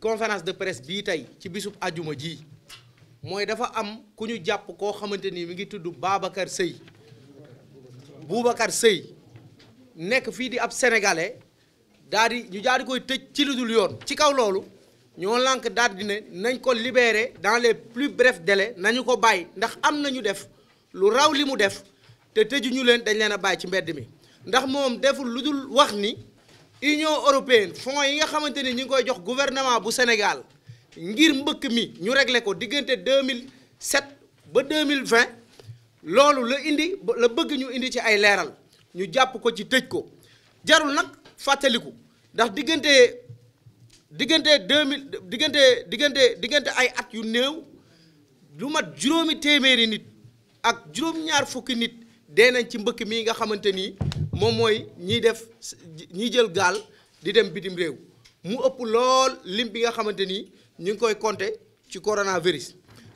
conférence de presse bii tey ci bisub àjjuma ji mooy dafa am ku ñu jàpp koo xamante ni mi ngi tudd Babacar Seye buubakar sëy nekk fii di ab sénégalais daal di ñu daal koy tëj ci lu dul yoon ci kaw loolu ñoo lànk daal di ne nañ ko libérer dans les plus brefs délais nañu ko bàyyi ndax am na ñu def lu raw li mu def te tëjuñu leen dañ leen a bàyyi ci mbedd mi ndax moom deful lu dul wax ni union européenne fonds yi nga xamante ni ñu ngi koy jox gouvernement bu senegal ngir mbëkk mi ñu regle ko diggante 2007 ba mille 2020 loolu la indi la bëgg ñu indi ci ay leeral ñu jàpp ko ci tëj ko jarul nag fàttaliku ndax diggante diggante 2000 diggante diggante diggante ay at yu néew lu mat juróomi téeméeri nit ak juróom-ñaar fukki nit dee nañ ci mbëkk mi nga xamante ni. moom mooy ñiy def ñiy jël gaal di dem bitim réew mu ëpp lool lim bi nga xamante ni ñu ngi koy compter ci coronavirus.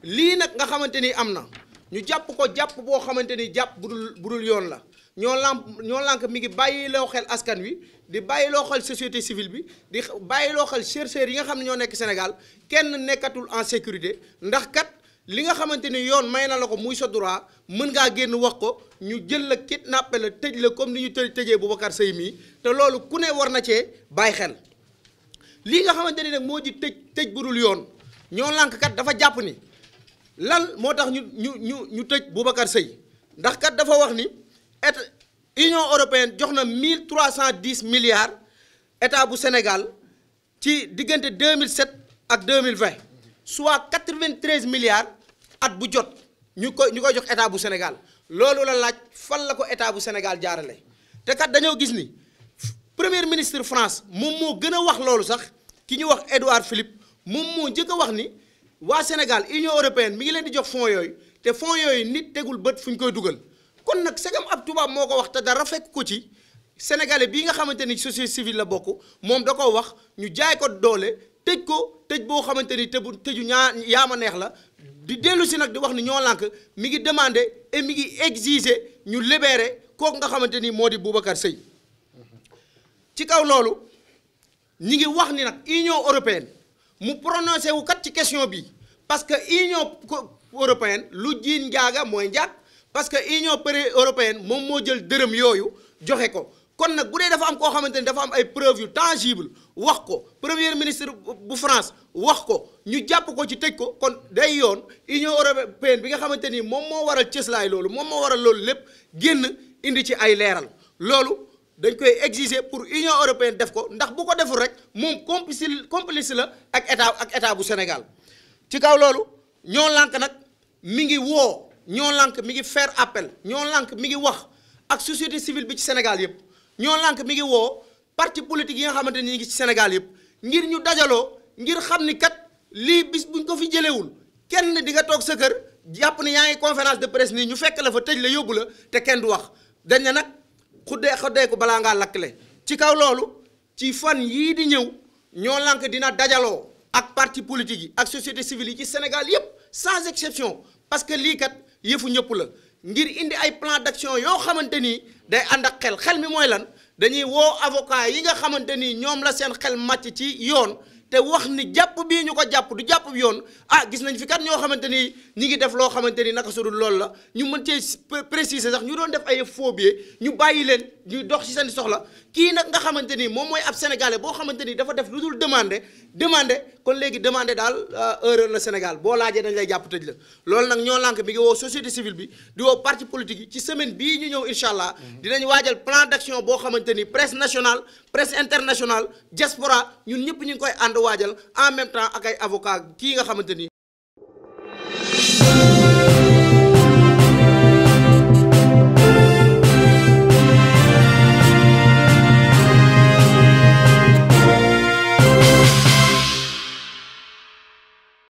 lii nag nga xamante ni am na ñu jàpp ko jàpp boo xamante ni jàpp budul budul yoon la ñoo làmp ñoo lànk mi ngi bàyyi loo xel askan wi di bàyyi loo xel société civile bi di bàyyi loo xel chercheurs yi nga xam ne ñoo nekk Sénégal kenn nekkatul en sécurité ndax kat. li nga xamante ni yoon may na la ko muy sa droit mën ngaa génn wax ko ñu jël la kidnappé la tëj la comme ni ñu të tëjee Boubacar Seye mii te loolu ku ne war na cee bàyyi xel lii nga xamante ni nag moo ji tëj tëj bu dul yoon ñoo lànk kat dafa jàpp ni lan moo tax ñu ñu ñu ñu tëj Boubacar Seye ndax kat dafa wax ni et Union européenne jox na trois cent 1310 milliards état bu Sénégal ci diggante mille 2007 ak mille vingt soit 93 milliards at bu jot ñu koy ñu koy jox état bu Sénégal loolu la laaj fan la ko état bu Sénégal jaarale te kat dañoo gis ni premier ministre France moom moo gën a wax loolu sax ki ñu wax Édouard Philippe moom moo njëkk a wax ni waa Sénégal Union européenne mi ngi leen di jox fonds yooyu te fonds yooyu nit tegul bët fu ñu koy dugal kon nag segam ab tubaab moo ko wax te dara fekk ko ci sénégalais bii nga xamante ni société civile la bokk moom da ko wax ñu jaay ko doole. tëj ko tëj boo xamante ni tëbu tëju ñaa yaama neex la di dellu si nag di wax ni ñoo lànk mi ngi demandé et mi ngi exiger ñu libérer kooku nga xamante ni moo di Boubacar Sèye ci kaw loolu ñi ngi wax ni nag Union européenne mu prononcé wu kat ci question bi parce que Union européenne lu jiin njaaga mooy njaag parce que Union européenne moom moo jël dërëm yooyu joxe ko kon nag bu dee dafa am koo xamante ni dafa am ay preuves yu tangible wax ko premier ministre bu France wax ko ñu jàpp ko ci tëj ko kon day yoon Union européenne bi nga xamante ni moom moo waral cëslaay loolu moom moo waral loolu lépp génn indi ci ay leeral loolu dañ koy exiger pour Union européenne def ko ndax bu ko deful rek moom complice complice la ak état ak état bu Sénégal ci kaw loolu ñoo lànk nag mi ngi woo ñoo lànk mi ngi fair appel ñoo lànk mi ngi wax ak société civile bi ci Sénégal yëpp ñoo lànk mi ngi woo parti politique yi nga xamante ni ñu ngi ci Sénégal yëpp ngir ñu dajaloo ngir xam ni kat lii bis buñ ko fi jëlewul kenn di nga toog sa kër jàpp ni yaa ngi conférence de presse nii ñu fekk la fa tëj la yóbbu la te kenn du wax dañ ne nag xuddee xuddee ko balaa ngaa lakkle ci kaw loolu ci fan yii di ñëw ñoo lànk dina dajaloo ak parti politique yi ak société civile yi ci Sénégal yëpp sans exception parce que lii kat yëfu ñëpp la ngir indi ay plan d'action yoo xamante nii day ànd ak xel xel mi mooy lan dañuy woo avocat yi nga xamante ni ñoom la seen xel màcc ci yoon te wax ni jàpp bii ñu ko jàpp du jàpp yoon ah gis nañ fi kat ñoo xamante ni ñi ngi def loo xamante ni naka su dul loolu la ñu mën cee préciser sax ñu doon def ay phobie ñu bàyyi leen ñu dox ci seen soxla kii nag nga xamante ni moom mooy ab sénégalais boo xamante ni dafa def lu dul demandé demande kon léegi demandé daal euh, erreur la Sénégal boo laajee dañ lay jàpp tëj la loolu nag ñoo lànk bi ngi woo société civile bi di woo parti politique yi ci semaine bii ñu ñëw incha allah mm-hmm. dinañ waajal plan d'action boo xamante ni presse nationale presse internationale diaspora ñun ñëpp ñu ngi koy ànd waajal en même temps ak ay avocat kii nga xamante ni